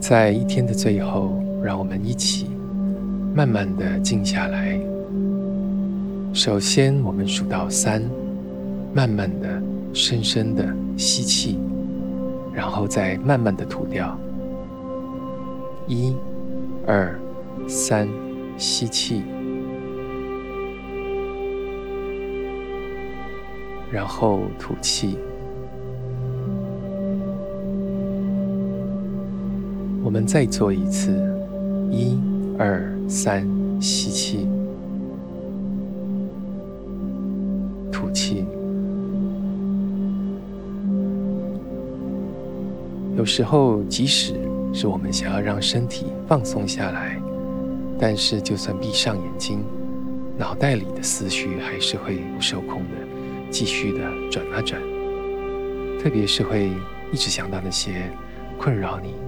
在一天的最後，讓我們一起慢慢的靜下來。首先，我們數到三，慢慢的、深深的吸氣，然後再慢慢的吐掉。一、二、三，吸氣，然後吐氣。我們再做一次，一、二、三，吸氣，吐氣。有時候，即使是我們想要讓身體放鬆下來，但是就算閉上眼睛，腦袋裡的思緒還是會不受控的，繼續的轉啊轉。特別是會一直想到那些困擾你。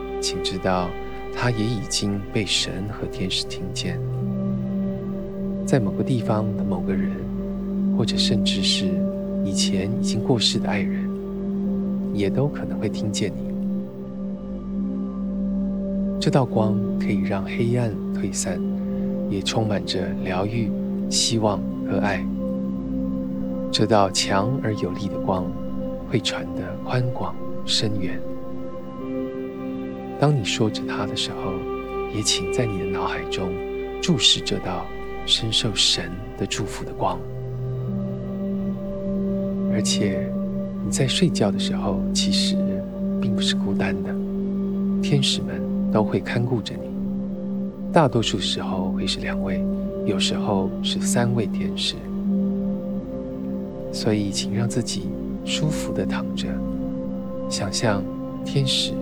請知道，他也已經被神和天使聽見，在某個地方的某個人，或者甚至是以前已經過世的愛人，也都可能會聽見你。這道光可以讓黑暗退散，也充滿着療癒、希望和愛。這道強而有力的光，會傳得寬廣深遠。當你說着它的時候，也請在你的腦海中注視這道深受神的祝福的光。而且你在睡覺的時候，其實並不是孤單的，天使們都會看顧着你。大多數時候會是兩位，有時候是三位天使。所以請讓自己舒服地躺着，想象天使。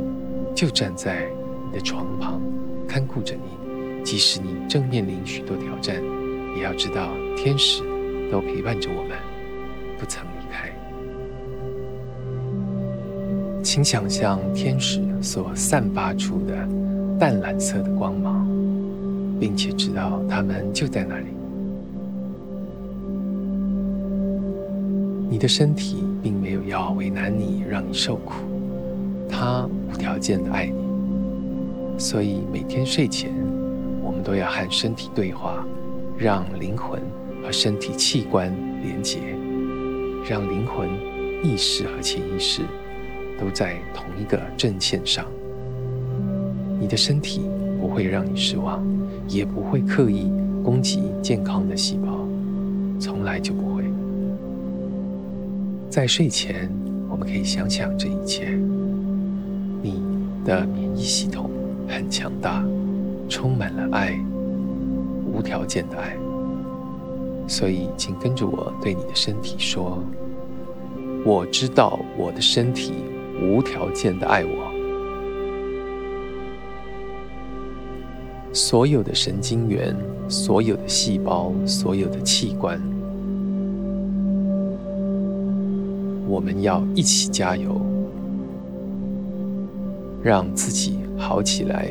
就站在你的床旁，看顧着你。即使你正面臨許多挑戰，也要知道天使都陪伴着我們，不曾離開。請想象天使所散發出的淡藍色的光芒，並且知道他們就在那裡。你的身體並沒有要為難你，讓你受苦。它條件的愛你，所以每天睡前，我們都要和身體對話，讓靈魂和身體器官連接，讓靈魂、意識和潛意識都在同一個陣線上。你的身體不會讓你失望，也不會刻意攻擊健康的細胞，從來就不會。在睡前，我們可以想想這一切。的免疫系統很強大，充滿了愛，無條件的愛。所以，請跟着我對你的身體說：“我知道我的身體無條件的愛我。”所有的神經元，所有的細胞，所有的器官，我們要一起加油。讓自己好起來。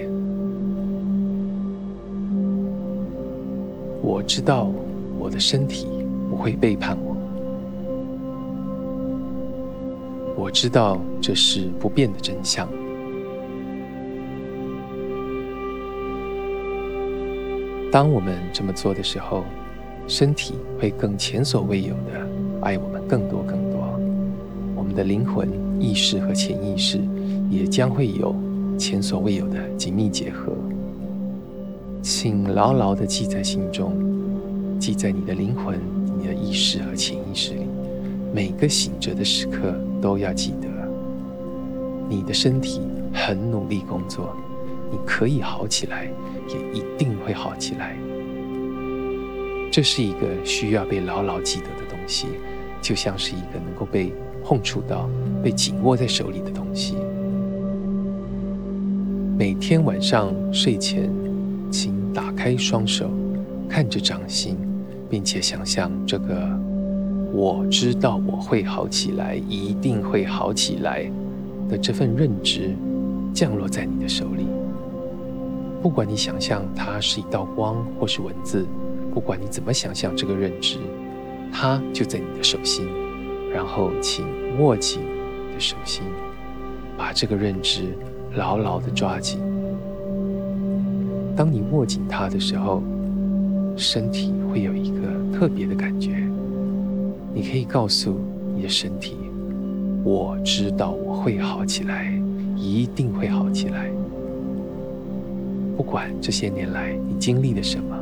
我知道我的身體不會背叛我。我知道這是不變的真相。當我們這麼做的時候，身體會更前所未有的愛我們更多更多。我們的靈魂、意識和潛意識。也將會有前所未有的緊密結合，請牢牢地記在心中，記在你的靈魂、你的意識和潛意識裡。每個醒着的時刻都要記得，你的身體很努力工作，你可以好起來，也一定會好起來。這是一個需要被牢牢記得的東西，就像是一個能夠被碰觸到、被緊握在手裡的東西。每天晚上睡前，請打開雙手，看着掌心，並且想象這個“我知道我會好起來，一定會好起來”的這份認知，降落在你的手裡。不管你想象它是一道光或是文字，不管你怎麼想象這個認知，它就在你的手心。然後，請握緊你的手心，把這個認知，牢牢的抓緊。當你握緊它的時候，身體會有一個特別的感覺。你可以告訴你的身體：“我知道我會好起來，一定會好起來。”不管這些年來你經歷了什麼，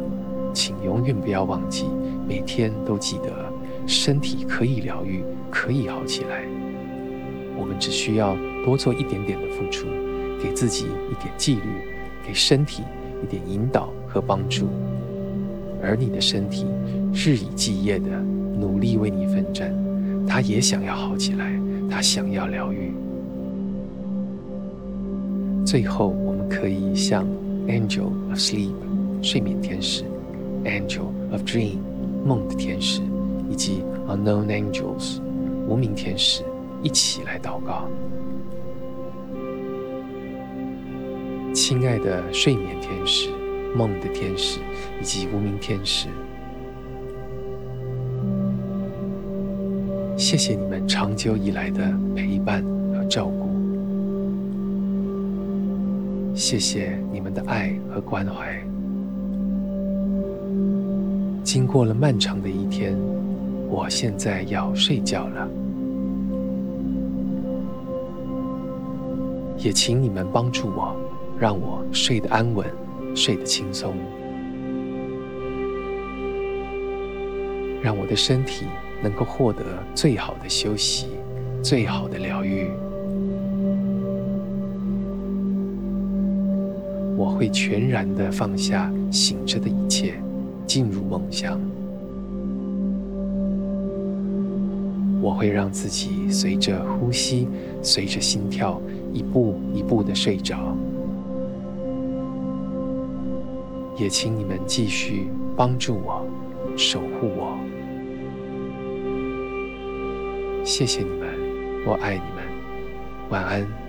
請永遠不要忘記，每天都記得身體可以療癒，可以好起來。我們只需要多做一點點的付出。給自己一點紀律，給身體一點引導和幫助，而你的身體日以繼夜的努力為你奮戰，他也想要好起來，他想要療癒。最後，我們可以向 Angel of Sleep（ 睡眠天使）、Angel of Dream（ 夢的天使）以及 Unknown Angels（ 無名天使）一起來禱告。親愛的睡眠天使、夢的天使以及無名天使，謝謝你們長久以來的陪伴和照顧，謝謝你們的愛和關懷。經過了漫長的一天，我現在要睡覺了，也請你們幫助我。讓我睡得安穩，睡得輕鬆，讓我的身體能夠獲得最好的休息、最好的療癒。我會全然的放下醒着的一切，進入夢鄉。我會讓自己隨着呼吸、隨着心跳，一步一步的睡着。也請你們繼續幫助我，守護我。謝謝你們，我愛你們，晚安。